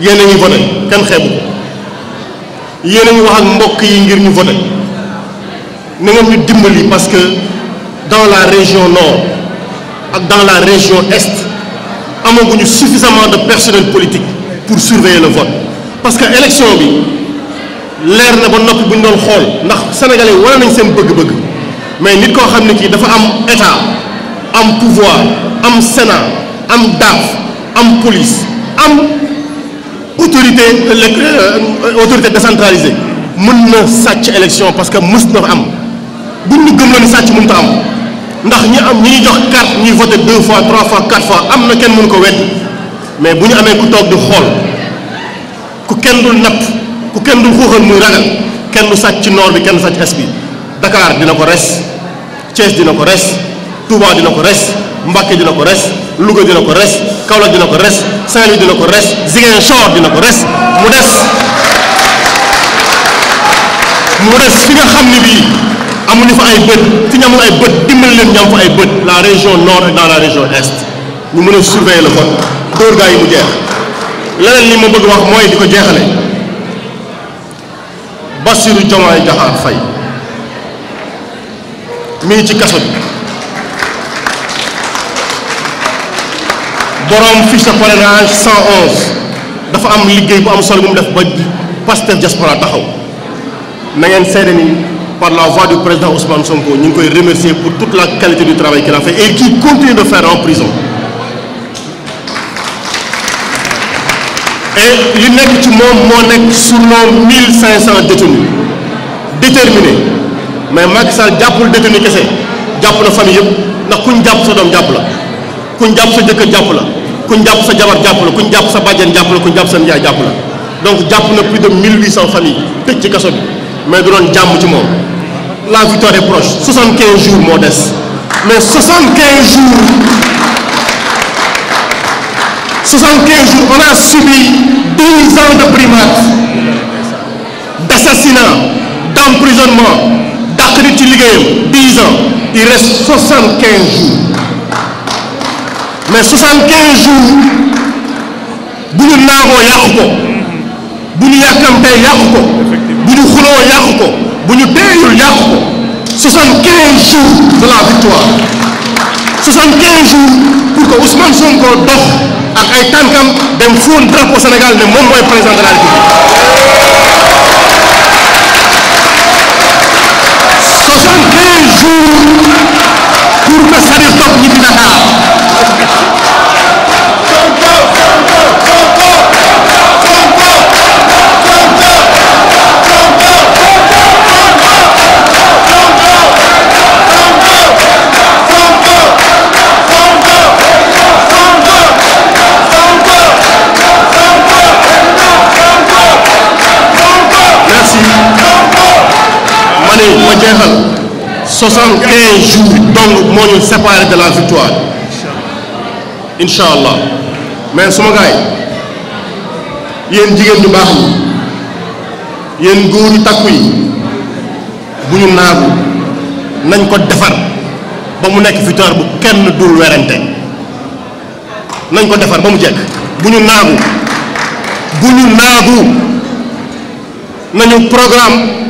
yéen a ñu voté kenn xeebu ko wax ak mbokk yi ngir ñu voté na ngeen ñu dimbali parce que dans la région nord ak dans la région est amaguñu suffisamment de personnel politique pour surveiller la vote parce que élection bi leer na ba noppi bu ñu doon xool ndax sénégalais wane nañ seen bëgg-bëgg mais nit koo xam ne kii dafa am état am pouvoir am sénat am daaf am police am. autorité ëllëg euh, autorité décentralisée mën na sàcc élection parce que mës na am buñ ñu gëm la ni sàcc mënut am ndax ñi am ñi jox carte ñuy voté deux fois trois fois quatre fois am na kenn mënu ko wedd mais bu ñu amee ku toog di xool ku kenn dul napp ku kenn dul xuuxal muy ragal kenn du sàcc ci nord bi kenn du sàcc est bi Dakar dina ko res Thiès dina ko res Touba dina ko res Mbacké dina ko res Louga dina ko res Kaolack dina ko res Saint-Louis dina ko res Ziguinchor dina ko res mu des mu des fi nga xam ne bii amuñu fa ay bët fi ñu amul ay bët dimbali leen ñu fa ay bët la région nord et dans la région est ñu mën a surveiller la code dóor gaa yi mu jeex leneen li ma bëgg wax mooy di ko jeexale Bassirou Diomaye Diakhar Faye mi ngi ci kaso bi borom fiche de parrainage 111 dafa am liggéey bu am solo bu mu def ba Pastef diaspora taxaw na ngeen seede ni par la voix du président Ousmane Sonko ñu ngi koy remercier pour toute la qualité du travail qu'il a fait et qu'il continue de faire en prison. et li nekk ci moom moo nekk sur nos 1500 détenus déterminé mais Macky jàppul détenu kese jàpp na famille yëpp ndax kuñ jàpp sa doom jàpp la kuñ jàpp sa jëkkër jàpp la. kuñ jàpp sa jabar jàpp la kuñ jàpp sa bàjjen jàpp la kuñ jàpp sa njaay jàpp la donc jàpp na plus de 1800 familles tëj ci kaso bi mais du doon jàmm ci moom la victoire est proche 75 jours moo des mais 75 jours 75 jours on a subi 12 ans de primates d'assassinat d'emprisonnement dàq nit ci liggéeyam 10 ans il reste 75 jours mais 75 jours bu ñu naagoo yàqu bu ñu yàkkamtee yàqu ko bu ñu xuloo yàqu bu ñu teeyul yàqu ko 75 jours de la victoire 75 jours pour que Ousmane Sonko dox ak ay tànkam dem fóon drapeau Sénégal ne moom mooy président de la République 75 jours pour que Sadiq Top ñibbi Dakar. année bu ma jeexal soixante quinze incha allah mais suma gars yi yéen jigéen ñu baax ñi yéen góor yu takku yi bu ñu naagu nañ ko defar ba mu nekk victoire bu kenn dul werante nañ ko defar ba mu jekk bu ñu naagu bu ñu naagu nañu programme.